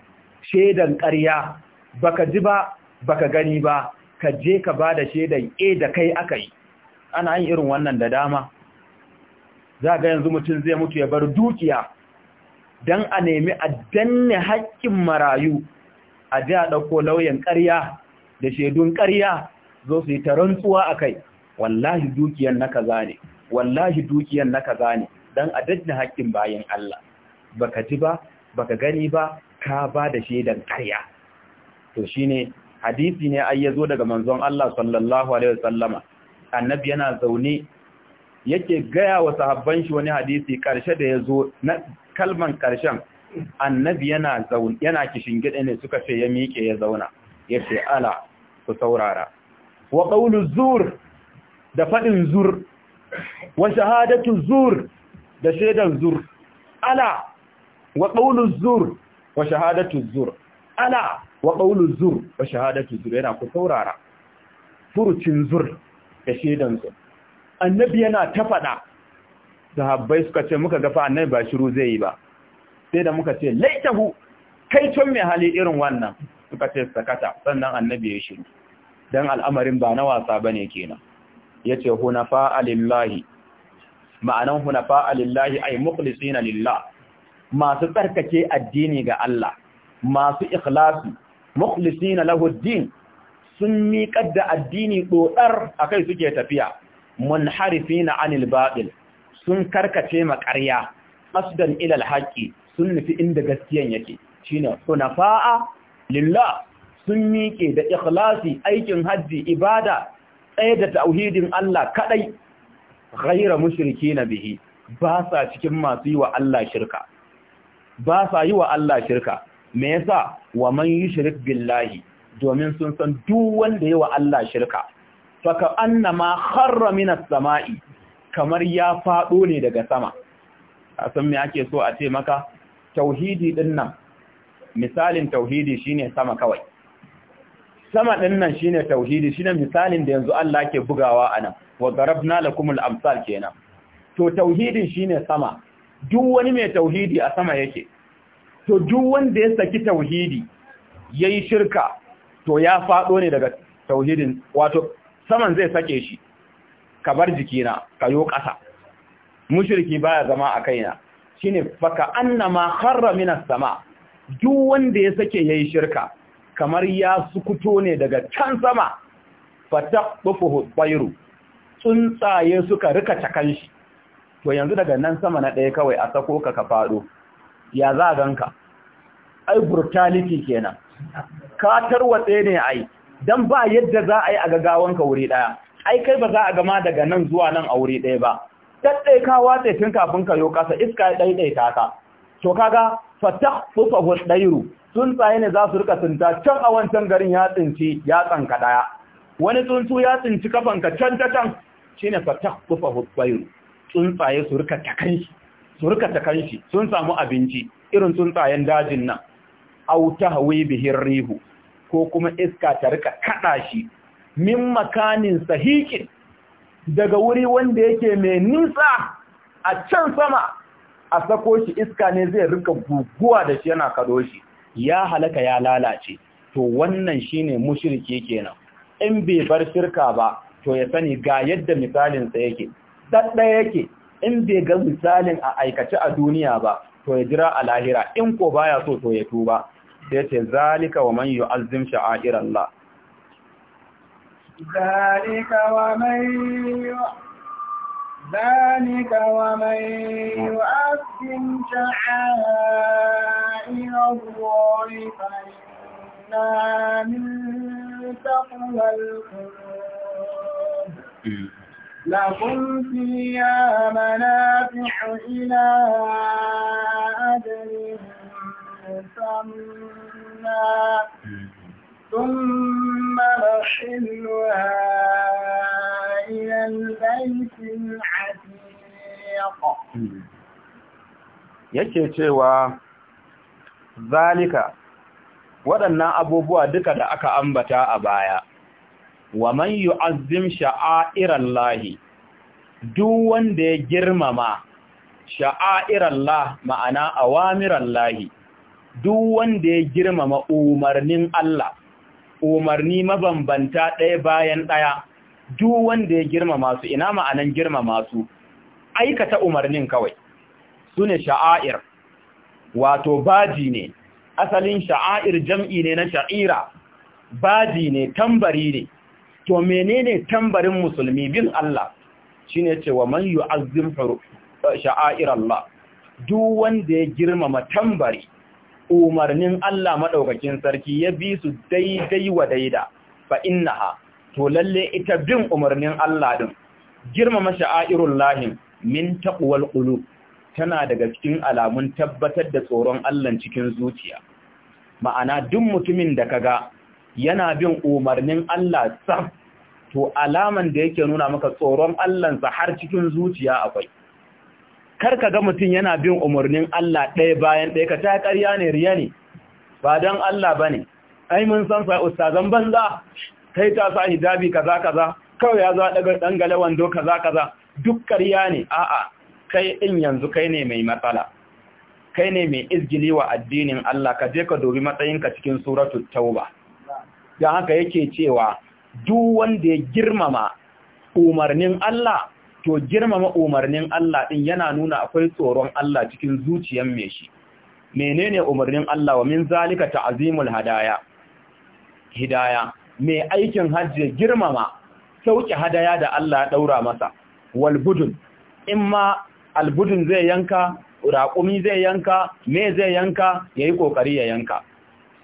shedan ƙarya baka ji ba baka gani ba ka je ka bada shedan eh da kai aka yi ana yin irin wannan da dama za ga yanzu mutum zai mutu ya bar dukiya don a nemi a danne haƙƙin marayu a ji a ɗauko lauyan ƙarya da shaidun ƙarya zo su yi ta rantsuwa a kai wallahi dukiyan na kaza ne wallahi dukiyan na kaza ne don a danne haƙƙin bayan Allah baka ji ba baka gani ba ka ba da shaidan ƙarya to shine hadisi ne ai yazo daga manzon Allah sallallahu alaihi wasallama annabi yana zaune yake gaya wa sahabban shi wani hadisi karshe da ya zo na kalman karshen annabi yana zaun yana kishingide ne suka ce ya miƙe ya zauna ya ce ala ku saurara wa qawlu zur da fadin zur wa shahadatu zur da shaidan zur ala wa qawlu zur wa shahadatu zur ala wa qawlu zur wa shahadatu zur yana ku saurara furucin zur da shaidan zur annabi yana ta faɗa sahabbai suka ce muka gafa annabi ba shiru zai yi ba sai da muka ce laitahu kai tun mai hali irin wannan suka ce sakata sannan annabi ya shiru dan al'amarin ba na wasa ba ne kenan yace hunafa alillahi ma'anan hunafa alillahi ay na lillah masu tsarkake addini ga Allah masu ikhlasi mukhlisina na lahuddin sun miƙar da addini a akai suke tafiya munharifina anil babil sun karkace ma ƙarya ilal ila alhaqi sun nufi inda gaskiyan yake shine hunafa'a lillah sun miƙe da ikhlasi aikin hajji ibada tsaye da tauhidin Allah kadai ghaira na bihi ba sa cikin masu yi wa Allah shirka ba sa yi wa Allah shirka me yasa wa man yushrik billahi domin sun san duk wanda yi wa Allah shirka faka annama kharra minas sama'i kamar ya fado ne daga sama san me ake so a ce maka tauhidi din nan misalin tauhidi shine sama kawai sama din nan shine tauhidi shine misalin da yanzu Allah ke bugawa anan wa darabna lakumul amsal kenan to Tauhidi shine sama duk wani mai tauhidi a sama yake to duk wanda ya saki tauhidi yayi shirka to ya fado ne daga tauhidin wato saman zai sake shi ka bar jikina ka yo ƙasa mushriki baya zama a kaina shine faka annama kharra minas sama duk wanda ya sake yayi shirka kamar ya sukuto ne daga can sama fataqbuhu tayru tsuntsaye suka rika takan shi to yanzu daga nan sama na ɗaya kawai a sako ka ka faɗo ya za ganka ai brutality kenan ka tarwatse ne ai dan ba yadda za a yi a gagawanka wuri ɗaya, ai kai ba za a gama daga nan zuwa nan a wuri ɗaya ba daddai ka watsa tun kafin ka yo kasa iska ya ɗaiɗaita ka to kaga fatahfufahu dairu tsuntsaye ne za su rika tunta can a wancan garin ya tsinci ya tsanka daya wani tsuntsu ya tsinci kafanka can ta can shine fatahfufahu dairu tsuntsaye su rika su rika takan shi sun samu abinci irin tsuntsayen dajin nan au tahwi bihin rihu ko kuma iska ta rika kada shi min makanin sahiqin daga wuri wanda yake mai nisa a can sama a sako shi iska ne zai rika guguwa da shi yana kado shi ya halaka ya lalace to wannan shine mushriki kenan in bai bar shirka ba to ya sani ga yadda misalin sa yake dadda yake in bai ga misalin a aikace a duniya ba to ya jira a lahira in ko baya so to ya tuba sai ce zalika wa man yu'azzim sha'air Allah zalika wa man zalika wa man yu'azzim sha'air Allah fa inna min taqwa لكم فيها منافع إلى أجل مسمى ثم نحلها إلى البيت العتيق yake cewa zalika waɗannan abubuwa duka da aka ambata a baya wa man yu'azzim sha'airallahi duk wanda ya girmama sha'a'irallahi ma'ana awamirallahi duk wanda ya girmama umarnin Allah umarni mabambanta ɗaya bayan ɗaya duk wanda ya girmama su ina ma'anan girmama su aikata umarnin kawai su ne sha'air wato baji ne asalin sha'air jam'i ne na sha'ira baji ne tambari ne to menene tambarin musulmi bin Allah shine cewa man yu'azzim sha'air Allah duk wanda ya girmama tambari umarnin Allah maɗaukakin sarki ya bi su daidai wa daida fa innaha to lalle ita bin umarnin Allah ɗin. girmama sha'airul lahin min taqwal qulub tana daga cikin alamun tabbatar da tsoron Allah cikin zuciya ma'ana duk mutumin da ka ga yana bin umarnin Allah sam to alaman da yake nuna maka tsoron sa har cikin zuciya akwai kar ka ga mutum yana bin umarnin Allah ɗaya bayan ɗaya ka ta ƙarya ne riya ne ba don Allah ba ne ai mun san sai ustazan banza kai ta sa hijabi kaza kaza kawai ya zo daga dangale wando kaza kaza duk ƙarya ne a'a kai din yanzu kai ne mai matsala kai ne mai izgili wa addinin Allah ka je ka dobi matsayinka cikin suratul tauba dan haka yake cewa duk wanda ya girmama umarnin Allah to girmama umarnin Allah din yana nuna akwai tsoron Allah cikin zuciyar me shi menene umarnin Allah wa min zalika ta'zimul hadaya hidaya Me aikin hajji girmama sauke hadaya da Allah ya daura masa wal budun imma al budun zai yanka raƙumi zai yanka me zai yanka yayi kokari ya yanka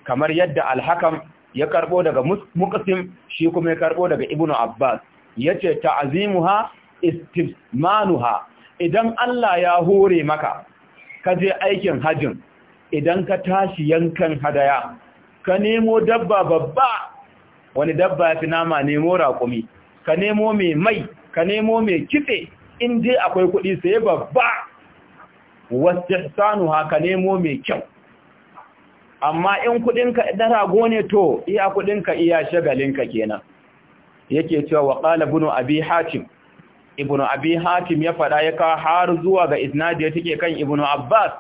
kamar yadda al-hakam ya karbo daga muqsim shi kuma ya karbo daga ibnu abbas yace ta'zimuha istimanuha idan Allah ya hore maka ka je aikin hajin, idan ka tashi yankan hadaya ka nemo dabba babba wani dabba ya fi nama nemo raƙumi ka nemo mai mai ka nemo mai kitse in je akwai kuɗi sai babba wastihsanuha ka nemo mai kyau amma in kuɗinka na rago ne to iya kuɗinka iya shagalinka kenan yake cewa wa qala bunu abi hatim ibnu abi hatim ya fada ya kawo har zuwa ga isnadi ya take kan ibnu abbas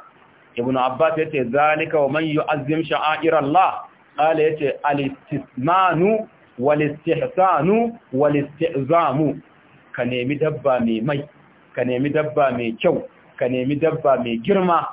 ibnu abbas yace zalika wa man yu'azzim sha'air allah qala yace al-istismanu wal-istihsanu wal-istizamu ka nemi dabba mai mai ka nemi dabba mai kyau ka nemi dabba mai girma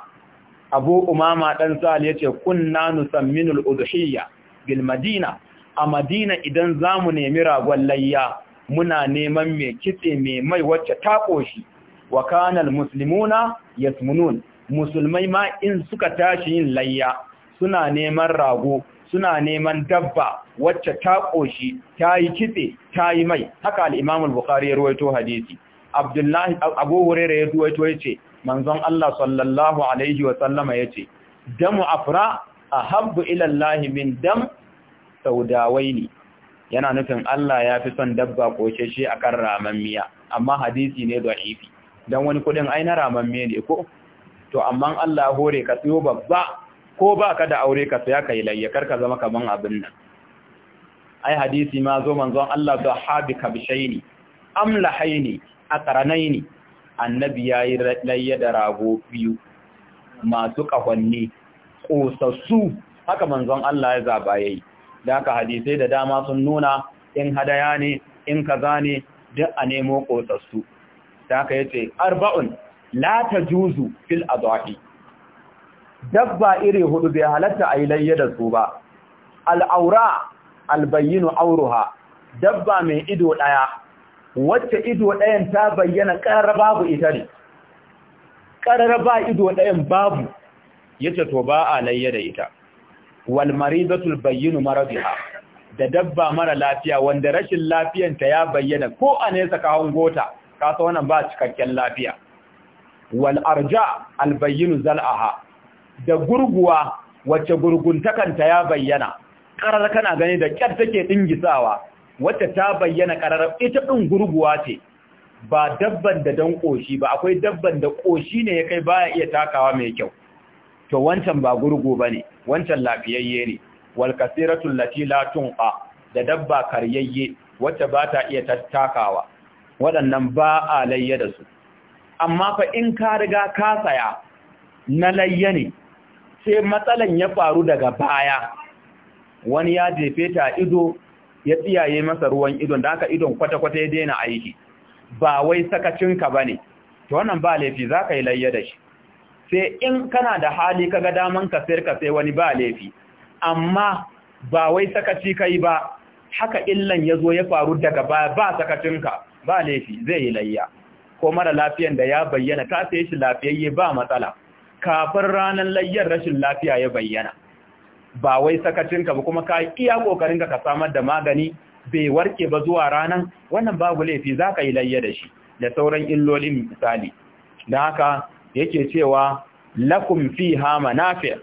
abu umama dan sal yace kunna nusamminul udhiyya bil madina a madina idan zamu nemi ragon layya muna neman mai kitse mai mai wacce ta koshi wa kanal muslimuna yasmunun musulmai ma in suka tashi yin layya suna neman rago suna neman dabba wacce ta koshi ta yi kitse ta yi mai haka al-Imam al-Bukhari ya ruwaito hadisi Abdullahi Abu Hurairah ya ruwaito yace manzon Allah sallallahu alaihi wa sallama yace damu afra ahabbu ila Allah min dam saudawaini yana nufin Allah ya fi son dabba kosheshe a kan ramammiya amma hadisi ne da ifi don wani kudin aina ramammiya ne ko to amma Allah hore ka tsiyo babba ko ba ka da aure ka saya ka yi layyakar ka zama kaman abin nan ai hadisi ma zo manzon Allah da habi kabshaini amlahaini aqranaini annabi ya yi layya da rago biyu masu kahonni kosassu haka manzon Allah ya zaba yayi da ka hadisai da dama sun nuna in hadaya ne in kaza ne duk a nemo kotsassu da ka yace arba'un la tajuzu fil adwa'i dabba iri hudu bai halatta a yi layya da su ba al'aura albayyinu auruha dabba mai ido ɗaya wacce ido ɗayan ta bayyana ƙarar babu ita ne ƙarar ba ido ɗayan babu ya to ba a layya da ita wal maridatul bayyinu maradiha da dabba mara lafiya wanda rashin lafiyanta ya bayyana ko a nesa ka hangota kasa wannan ba cikakken lafiya wal arja al bayyinu zal'aha da gurguwa wacce gurguntakanta ya bayyana karar kana gani da kyar take dingisawa wacce ta bayyana karar ita din gurguwa ce ba dabban da dan koshi ba akwai dabban da koshi ne ya kai baya iya takawa mai kyau to wancan ba gurgu bane wancan lafiyayye ne wal kasiratu lati la da dabba karyayye wacce ba ta iya tattakawa waɗannan ba a layya da su amma fa in ka riga ka saya na layya ne sai matsalan ya faru daga baya wani ya jefe ta ido ya tsiyaye masa ruwan ido, da aka idon kwata-kwata ya daina aiki ba wai sakacinka ba ne to wannan ba laifi za ka yi layya da shi sai in kana da hali ka ga daman ka sayar ka sai wani ba laifi amma ba wai sakaci kai ba haka illan ya zo ya faru daga ba ba sakacinka ba laifi zai yi layya ko mara lafiyan da ya bayyana ka sai shi lafiyayye ba matsala kafin ranar layyar rashin lafiya ya bayyana ba wai sakacinka ba kuma ka iya kokarin ka samar da magani bai warke ba zuwa ranan wannan babu laifi zaka yi layya da shi da sauran illolin misali da haka yake cewa lakum fiha manafi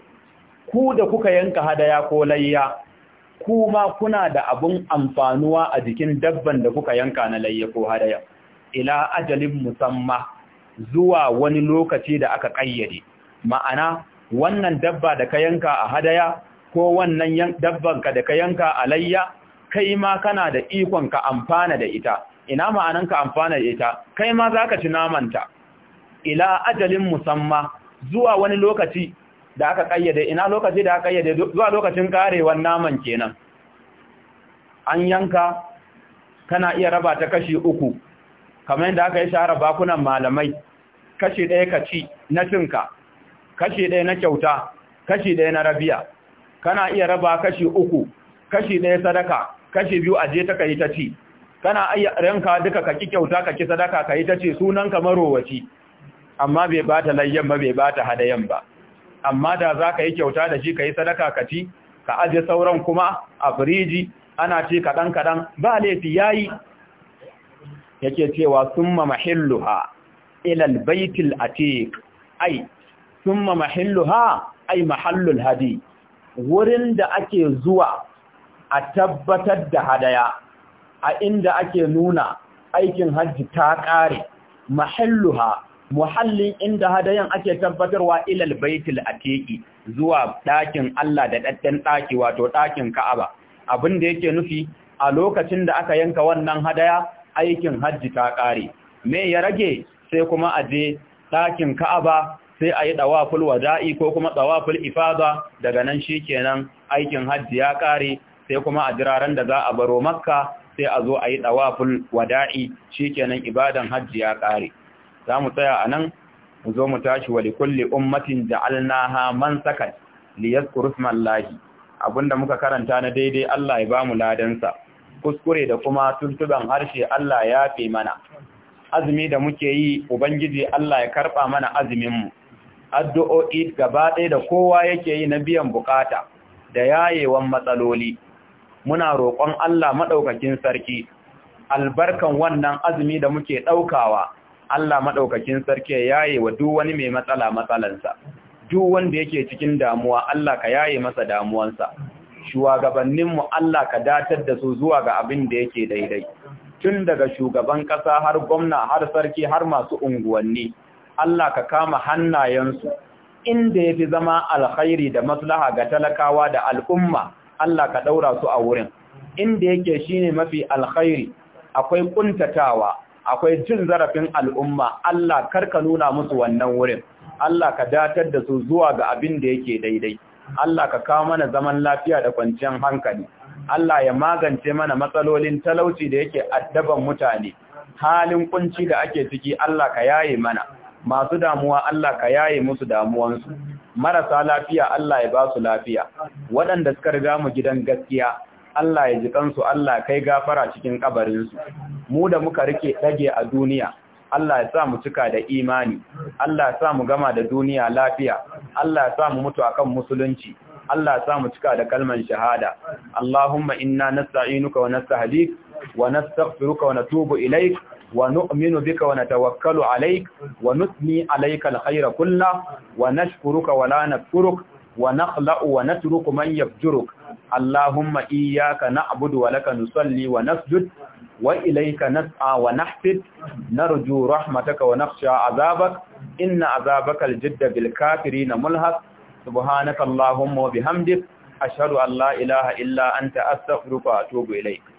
ku da kuka yanka hadaya ko layya kuma kuna da abun amfanuwa a jikin dabban da kuka yanka na layya ko hadaya ila ajalin musamma zuwa wani lokaci da aka kayyade ma'ana wannan dabba da ka yanka a hadaya ko wannan dabbanka da ka yanka a layya kai ma kana da ikon ka amfana da ita ina ma'anan ka amfana da ita kai ma zaka ci namanta ila ajalin musamma zuwa wani lokaci da aka kayyade ina lokaci da aka kayyade zuwa lokacin karewan naman kenan an yanka kana iya raba ta kashi uku kamar yadda aka yi shara bakunan malamai kashi ɗaya ka ci na cinka kashi ɗaya na kyauta kashi ɗaya na rabiya kana iya raba kashi uku kashi ɗaya sadaka kashi biyu aje ta kayi ta ci kana iya ranka duka kaki kyauta ka kaki sadaka ka yi ta ce sunan ka marowaci amma bai ba ta layyan ba bai bata hadayan ba amma da za ka yi kyauta da shi ka yi sadaka ka ci ka aje sauran kuma a firiji ana ci kaɗan-kaɗan ba laifi ya yi yake cewa sun mahilluha ilal baitil atiq ai sun mahilluha ai mahallul hadi wurin da ake zuwa a tabbatar da hadaya a inda ake nuna aikin hajji ta ƙare mahilluha muhallin inda hadayan ake tabbatarwa ilal baitul atiqi zuwa ɗakin Allah da daddan ɗaki wato ɗakin Ka'aba abin da yake nufi a lokacin da aka yanka wannan hadaya aikin hajji ta ƙare me ya rage sai kuma a je ɗakin Ka'aba sai a yi ɗawaful wada'i ko kuma ɗawaful ifada daga nan shikenan aikin hajji ya ƙare sai kuma a jiraran da za a baro Makka sai a zo a yi ɗawaful wada'i shikenan ibadan hajji ya ƙare za mu tsaya a nan mu zo mu tashi wa likulli ummatin ja'alnaha man sakat li yadhkuru smallahi abinda muka karanta na daidai Allah ya ba mu ladansa kuskure da kuma tuntuban harshe Allah ya fe mana azumi da muke yi ubangiji Allah ya karba mana azumin mu addu'o'i gaba ɗaya da kowa yake yi na biyan bukata da yayewan matsaloli muna roƙon Allah madaukakin sarki albarkan wannan azumi da muke ɗaukawa Allah maɗaukakin sarki ya yaye wa duk wani mai matsala matsalansa, duk wanda yake cikin damuwa Allah ka yaye masa damuwansa, shugabanninmu Allah ka datar da su zuwa ga abin da yake daidai, tun daga shugaban ƙasa har gwamna har sarki har masu unguwanni, Allah ka kama hannayensu, inda ya fi zama alkhairi da maslaha ga talakawa da al'umma, Allah ka ɗaura su a wurin, inda yake shine mafi alkhairi, akwai ƙuntatawa, akwai jin zarafin al'umma Allah Kar ka nuna musu wannan wurin Allah ka datar da su zuwa ga abin da yake daidai Allah ka kawo mana zaman lafiya da kwanciyar hankali Allah ya magance mana matsalolin talauci da yake addaban mutane halin kunci da ake ciki Allah ka yaye mana masu damuwa Allah ka yaye musu damuwansu marasa lafiya Allah ya ba su lafiya waɗanda suka riga mu gidan gaskiya Allah ya ji kansu Allah kai gafara cikin kabarinsu mu da muka rike dage a duniya Allah ya sa mu cika da imani Allah ya sa mu gama da duniya lafiya Allah ya sa mu mutu akan musulunci Allah ya sa mu cika da kalman shahada Allahumma inna nasta'inuka wa nastahdik wa nastaghfiruka wa natubu ilaik wa nu'minu bika wa natawakkalu alaik wa nusni alayka alkhayra kullahu wa nashkuruka wa la nakfuruk wa nakhla'u wa natruku man yafjuruk Allahumma iyyaka na'budu wa laka nusalli wa nasjud wa ilayka nas'a wa nahfid narju rahmataka wa nakhsha 'adabak inna 'adabakal jidda bil kafirin mulhaq subhanaka Allahumma wa bihamdik ashhadu an la ilaha illa anta astaghfiruka wa atubu ilayk